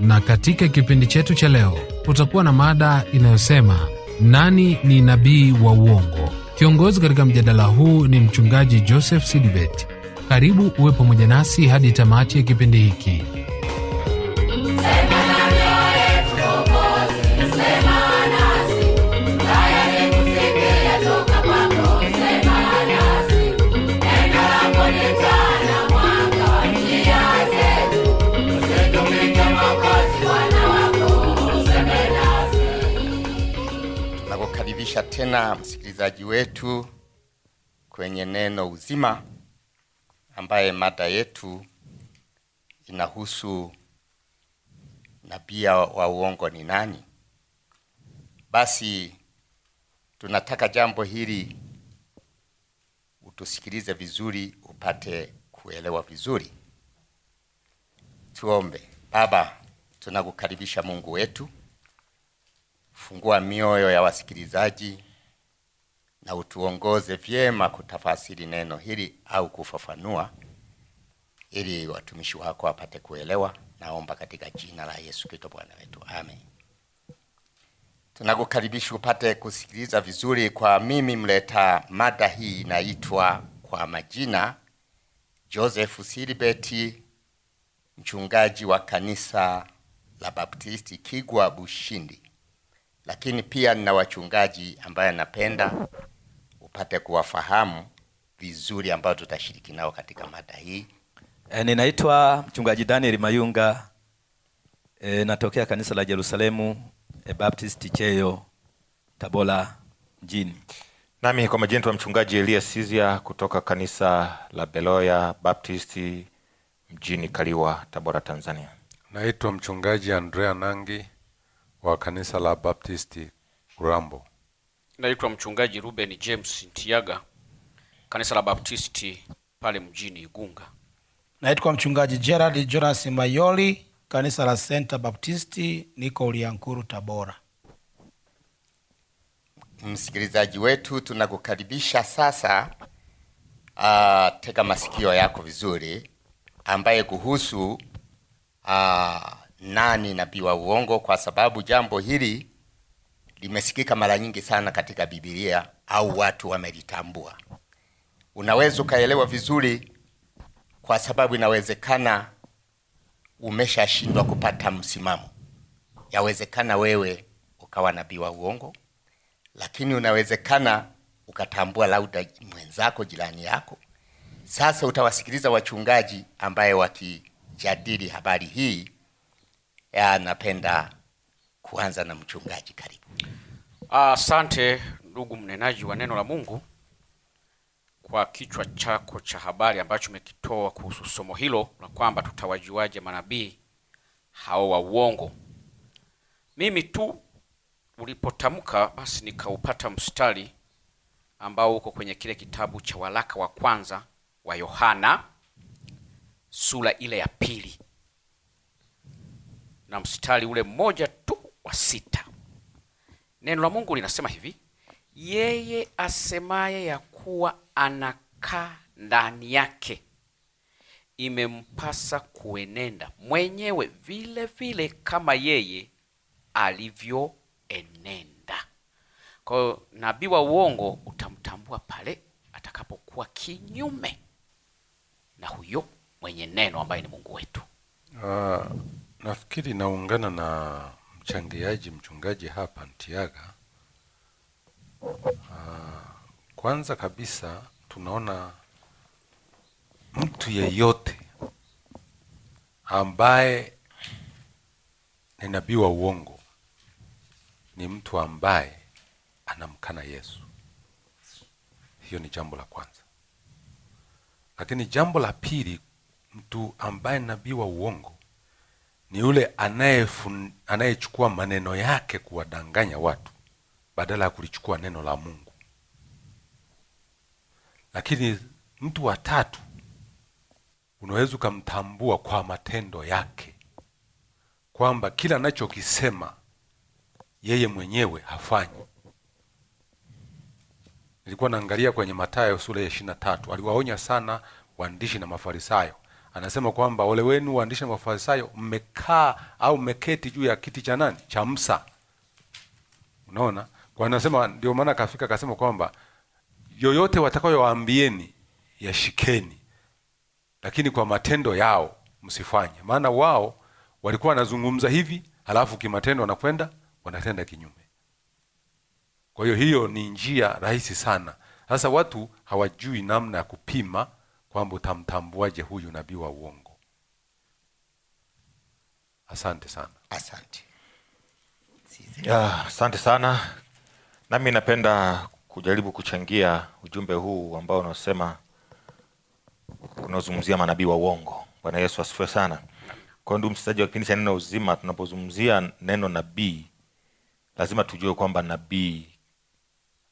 na katika kipindi chetu cha leo kutakuwa na mada inayosema nani ni nabii wa uongo? Kiongozi katika mjadala huu ni mchungaji Joseph Sidibet. Karibu uwe pamoja nasi hadi tamati ya kipindi hiki. Ninakukaribisha tena msikilizaji wetu kwenye Neno Uzima, ambaye mada yetu inahusu nabia wa uongo ni nani. Basi tunataka jambo hili utusikilize vizuri, upate kuelewa vizuri. Tuombe. Baba, tunakukaribisha Mungu wetu fungua mioyo ya wasikilizaji na utuongoze vyema kutafasiri neno hili au kufafanua, ili watumishi wako wapate kuelewa. Naomba katika jina la Yesu Kristo Bwana wetu, amen. Tunakukaribisha upate kusikiliza vizuri kwa mimi mleta mada hii inaitwa kwa majina Joseph Silibeti, mchungaji wa kanisa la Baptisti Kigwa Bushindi lakini pia nina wachungaji ambayo napenda upate kuwafahamu vizuri ambao tutashiriki nao katika mada hii. E, ninaitwa mchungaji Daniel Mayunga. E, natokea kanisa la Yerusalemu e, eh, Baptist Cheyo Tabora mjini. Nami kwa majina mchungaji Elias Sizia kutoka kanisa la Beloya Baptist mjini Kaliwa, Tabora, Tanzania. Naitwa mchungaji Andrea Nangi wa kanisa la Baptisti Urambo. Naitwa mchungaji Ruben James Ntiaga, kanisa la Baptisti pale mjini Igunga. Naitwa mchungaji Gerald Jonas Mayoli, kanisa la Senta Baptisti, niko Uliankuru, Tabora. Msikilizaji wetu, tunakukaribisha sasa. Uh, ah, teka masikio yako vizuri, ambaye kuhusu uh, nani nabii wa uongo, kwa sababu jambo hili limesikika mara nyingi sana katika Biblia au watu wamelitambua. Unaweza ukaelewa vizuri, kwa sababu inawezekana umeshashindwa kupata msimamo. Yawezekana wewe ukawa nabii wa uongo, lakini unawezekana ukatambua lauda mwenzako, jirani yako. Sasa utawasikiliza wachungaji ambaye wakijadili habari hii ya, napenda kuanza na mchungaji, karibu. Asante ndugu mnenaji wa neno la Mungu kwa kichwa chako cha habari ambacho umekitoa kuhusu somo hilo na kwamba tutawajuaje manabii hao wa uongo. Mimi tu ulipotamka, basi nikaupata mstari ambao uko kwenye kile kitabu cha waraka wa kwanza wa Yohana sura ile ya pili na mstari ule mmoja tu wa sita neno la Mungu linasema hivi, yeye asemaye ya kuwa anakaa ndani yake imempasa kuenenda mwenyewe vile vile kama yeye alivyoenenda. Kwa hiyo nabii wa uongo utamtambua pale atakapokuwa kinyume na huyo mwenye neno ambaye ni Mungu wetu. Ah. Nafikiri naungana na mchangiaji mchungaji hapa Ntiaga. Ah, kwanza kabisa tunaona mtu yeyote ambaye ni nabii wa uongo ni mtu ambaye anamkana Yesu. Hiyo ni jambo la kwanza. Lakini jambo la pili, mtu ambaye ni nabii wa uongo ni yule anayechukua maneno yake kuwadanganya watu badala ya kulichukua neno la Mungu. Lakini mtu wa tatu unaweza ukamtambua kwa matendo yake kwamba kila anachokisema yeye mwenyewe hafanyi. Nilikuwa naangalia kwenye Mathayo sura ya ishirini na tatu, aliwaonya sana waandishi na Mafarisayo anasema kwamba ole wenu waandishi na Mafarisayo, mmekaa au mmeketi juu ya kiti cha nani? Cha msa. Unaona, kwa anasema ndio maana kafika akasema kwamba yoyote watakayowaambieni yashikeni, lakini kwa matendo yao msifanye. Maana wao walikuwa wanazungumza hivi, halafu kimatendo wanakwenda wanatenda kinyume. Kwa hiyo hiyo ni njia rahisi sana. Sasa watu hawajui namna ya kupima kwamba utamtambuaje huyu nabii wa uongo? Asante sana, asante. Ya, asante sana. Nami napenda kujaribu kuchangia ujumbe huu ambao unaosema unaozungumzia manabii wa uongo. Bwana Yesu asifiwe sana. Kwa ndugu msikilizaji wa kipindi cha Neno Uzima, tunapozungumzia neno nabii, lazima tujue kwamba nabii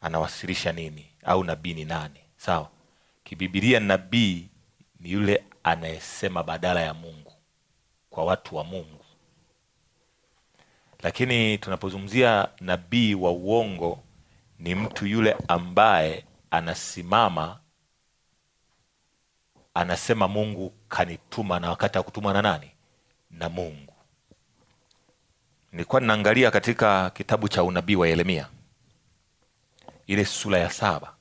anawasilisha nini au nabii ni nani, sawa? Kibibilia nabii ni yule anayesema badala ya Mungu kwa watu wa Mungu, lakini tunapozungumzia nabii wa uongo ni mtu yule ambaye anasimama anasema Mungu kanituma, na wakati akutumwa na nani? Na Mungu. Nilikuwa ninaangalia katika kitabu cha unabii wa Yeremia ile sura ya saba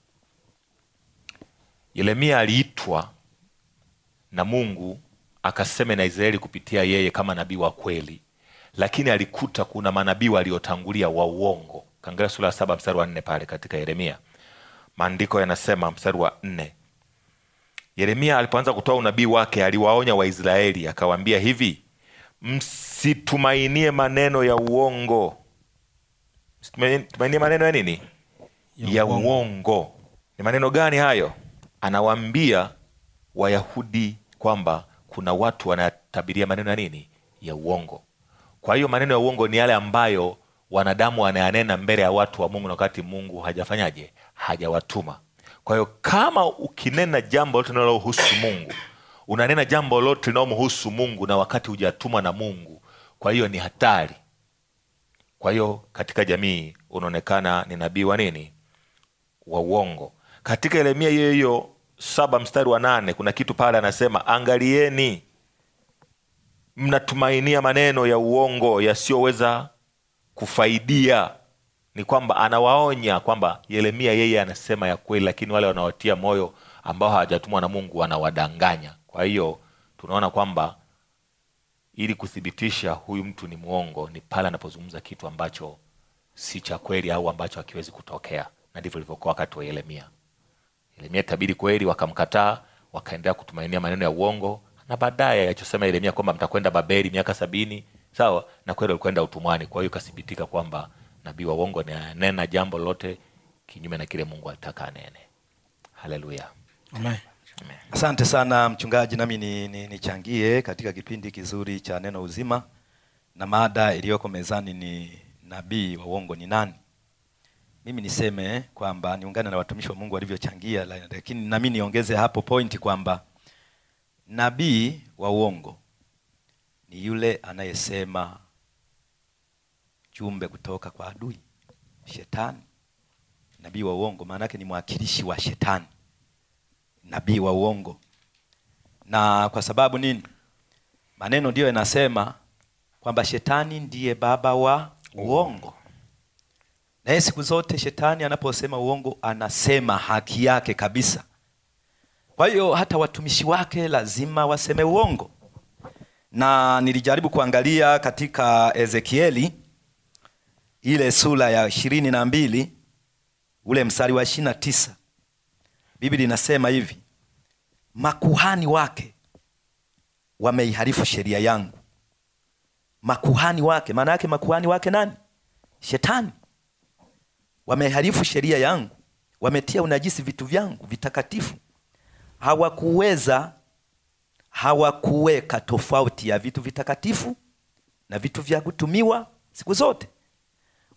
Yeremia aliitwa na Mungu akaseme na Israeli kupitia yeye kama nabii wa kweli, lakini alikuta kuna manabii waliotangulia wa uongo. Kaangalia sura ya saba mstari wa nne pale katika Yeremia, maandiko yanasema mstari wa nne, Yeremia alipoanza kutoa unabii wake aliwaonya Waisraeli akawaambia hivi, msitumainie maneno ya uongo. Msitumainie maneno ya nini? Ya uongo. Ni maneno gani hayo? anawaambia Wayahudi kwamba kuna watu wanatabiria maneno ya nini ya uongo. Kwa hiyo maneno ya uongo ni yale ambayo wanadamu wanayanena mbele ya watu wa Mungu na wakati Mungu hajafanyaje, hajawatuma. Kwa hiyo kama ukinena jambo lote linalohusu Mungu, unanena jambo lote linalomhusu Mungu na wakati hujatumwa na Mungu, kwa hiyo ni hatari. Kwa hiyo katika jamii unaonekana ni nabii wa nini wa uongo. Katika Yeremia hiyo hiyo saba mstari wa nane kuna kitu pale anasema, angalieni mnatumainia maneno ya uongo yasiyoweza kufaidia. Ni kwamba anawaonya kwamba Yeremia yeye anasema ya kweli, lakini wale wanaotia moyo ambao hawajatumwa na Mungu wanawadanganya. Kwa hiyo tunaona kwamba ili kuthibitisha huyu mtu ni mwongo ni pale anapozungumza kitu ambacho si cha kweli au ambacho hakiwezi kutokea, na ndivyo ilivyokuwa wakati wa Yeremia. Yeremia tabiri kweli, wakamkataa, wakaendelea kutumainia maneno ya uongo, na baadaye alichosema Yeremia kwamba mtakwenda Babeli miaka sabini sawa, na kweli walikwenda utumwani. Kwa hiyo ikathibitika kwamba nabii wa uongo ananena jambo lote kinyume na kile Mungu alitaka anene. Haleluya, amen. Asante sana mchungaji, nami nichangie ni, ni katika kipindi kizuri cha neno uzima, na mada iliyoko mezani ni nabii wa uongo ni nani? Mimi niseme kwamba niungane na watumishi wa Mungu walivyochangia, lakini nami niongeze hapo pointi kwamba nabii wa uongo ni yule anayesema jumbe kutoka kwa adui shetani. Nabii wa uongo maana yake ni mwakilishi wa shetani, nabii wa uongo. Na kwa sababu nini? Maneno ndiyo yanasema kwamba shetani ndiye baba wa uongo. Na yeye siku zote shetani anaposema uongo anasema haki yake kabisa. Kwa hiyo hata watumishi wake lazima waseme uongo, na nilijaribu kuangalia katika Ezekieli ile sura ya ishirini na mbili ule mstari wa ishirini na tisa Biblia inasema hivi, makuhani wake wameiharifu sheria yangu. Makuhani wake, maana yake makuhani wake nani? Shetani wameharifu sheria yangu, wametia unajisi vitu vyangu vitakatifu. Hawakuweza, hawakuweka tofauti ya vitu vitakatifu na vitu vya kutumiwa siku zote,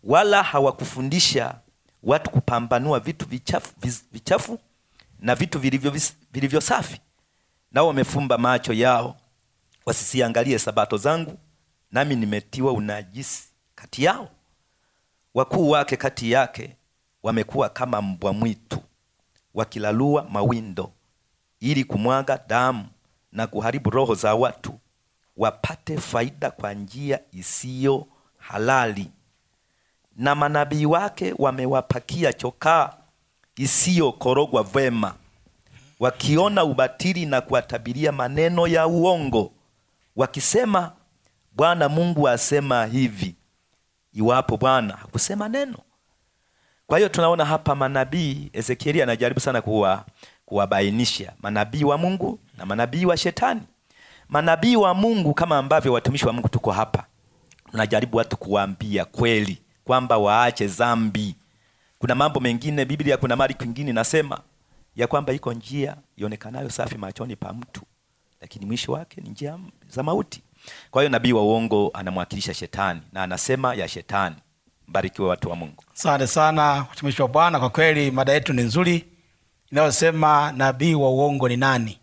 wala hawakufundisha watu kupambanua vitu vichafu, vichafu na vitu vilivyo, vilivyo safi. Nao wamefumba macho yao wasisiangalie sabato zangu, nami nimetiwa unajisi kati yao wakuu wake kati yake wamekuwa kama mbwa mwitu wakilalua mawindo ili kumwaga damu na kuharibu roho za watu wapate faida kwa njia isiyo halali, na manabii wake wamewapakia chokaa isiyokorogwa vema, wakiona ubatili na kuwatabiria maneno ya uongo, wakisema Bwana Mungu asema hivi iwapo Bwana hakusema neno. Kwa hiyo tunaona hapa manabii, Ezekieli anajaribu sana kuwa kuwabainisha manabii wa Mungu na manabii wa Shetani. Manabii wa Mungu kama ambavyo watumishi wa Mungu tuko hapa, tunajaribu watu kuwaambia kweli kwamba waache zambi Kuna mambo mengine Biblia, kuna mali kwingine nasema ya kwamba iko njia ionekanayo safi machoni pa mtu, lakini mwisho wake ni njia za mauti. Kwa hiyo nabii wa uongo anamwakilisha shetani na anasema ya shetani. Mbarikiwe watu wa Mungu. Asante sana watumishi wa Bwana, kwa kweli mada yetu ni nzuri inayosema nabii wa uongo ni nani?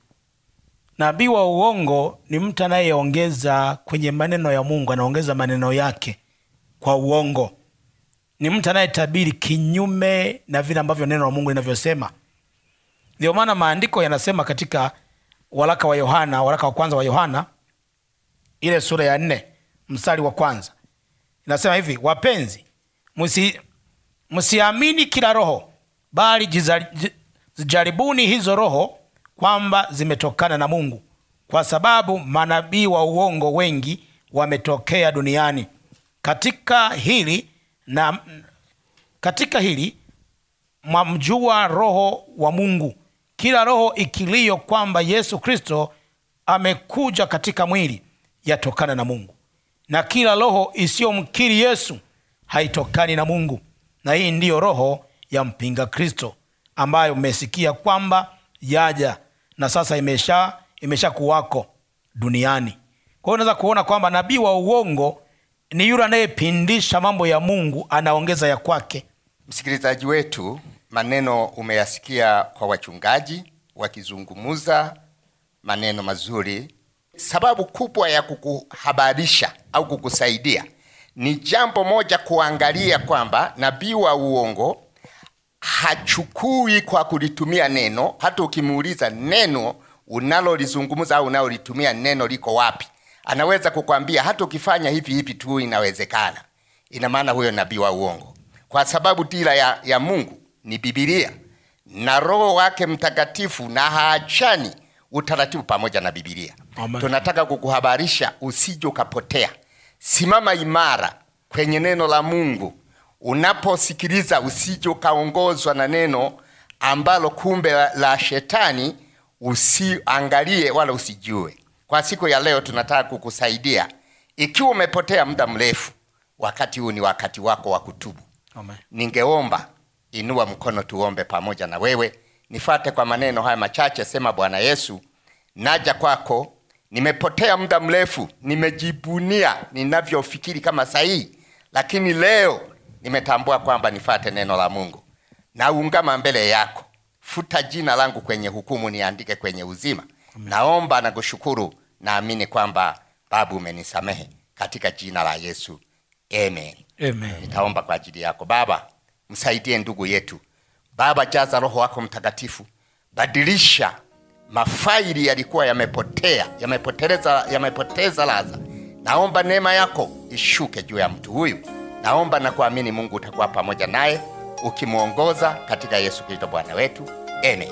Nabii wa uongo ni mtu anayeongeza kwenye maneno ya Mungu, anaongeza maneno yake kwa uongo. Ni mtu anayetabiri kinyume na vile ambavyo neno la Mungu linavyosema. Ndio maana maandiko yanasema katika waraka wa Yohana, waraka wa kwanza wa Yohana ile sura ya nne mstari wa kwanza inasema hivi, wapenzi, msiamini kila roho, bali zijaribuni hizo roho kwamba zimetokana na Mungu, kwa sababu manabii wa uongo wengi wametokea duniani. Katika hili na katika hili mwamjua roho wa Mungu, kila roho ikilio kwamba Yesu Kristo amekuja katika mwili yatokana na Mungu, na kila roho isiyomkiri Yesu haitokani na Mungu, na hii ndiyo roho ya mpinga Kristo ambayo mmesikia kwamba yaja na sasa imesha imesha kuwako duniani. kwaio unaweza kuona kwamba nabii wa uongo ni yule anayepindisha mambo ya Mungu, anaongeza ya kwake. Msikilizaji wetu, maneno umeyasikia kwa wachungaji wakizungumuza maneno mazuri Sababu kubwa ya kukuhabarisha au kukusaidia ni jambo moja, kuangalia kwamba nabii wa uongo hachukui kwa kulitumia neno. Hata ukimuuliza neno unalolizungumza au unalolitumia neno liko wapi, anaweza kukwambia hata ukifanya hivi hivi tu inawezekana. Ina maana huyo nabii wa uongo, kwa sababu dira ya, ya Mungu ni Bibilia na Roho wake Mtakatifu, na haachani utaratibu pamoja na Bibilia. Amen. Tunataka kukuhabarisha usije ukapotea. Simama imara kwenye neno la Mungu. Unaposikiliza usije ukaongozwa na neno ambalo kumbe la shetani, usiangalie wala usijue. Kwa siku ya leo tunataka kukusaidia ikiwa umepotea muda mrefu, wakati huu ni wakati wako wa kutubu. Amen. Ningeomba inua mkono tuombe pamoja na wewe. Nifate kwa maneno haya machache, sema: Bwana Yesu, naja kwako Nimepotea muda mrefu, nimejibunia ninavyofikiri kama sahihi, lakini leo nimetambua kwamba nifate neno la Mungu. Naungama mbele yako, futa jina langu kwenye hukumu, niandike kwenye uzima. Naomba na kushukuru, naamini kwamba Baba umenisamehe katika jina la Yesu, amen. Amen. Nitaomba kwa ajili yako Baba, msaidie ndugu yetu Baba, jaza Roho wako Mtakatifu, badilisha mafaili yalikuwa yamepotea, yamepoteleza, yamepoteza ladha. Naomba neema yako ishuke juu ya mtu huyu. Naomba na kuamini Mungu utakuwa pamoja naye ukimwongoza katika Yesu Kristo Bwana wetu. Amen.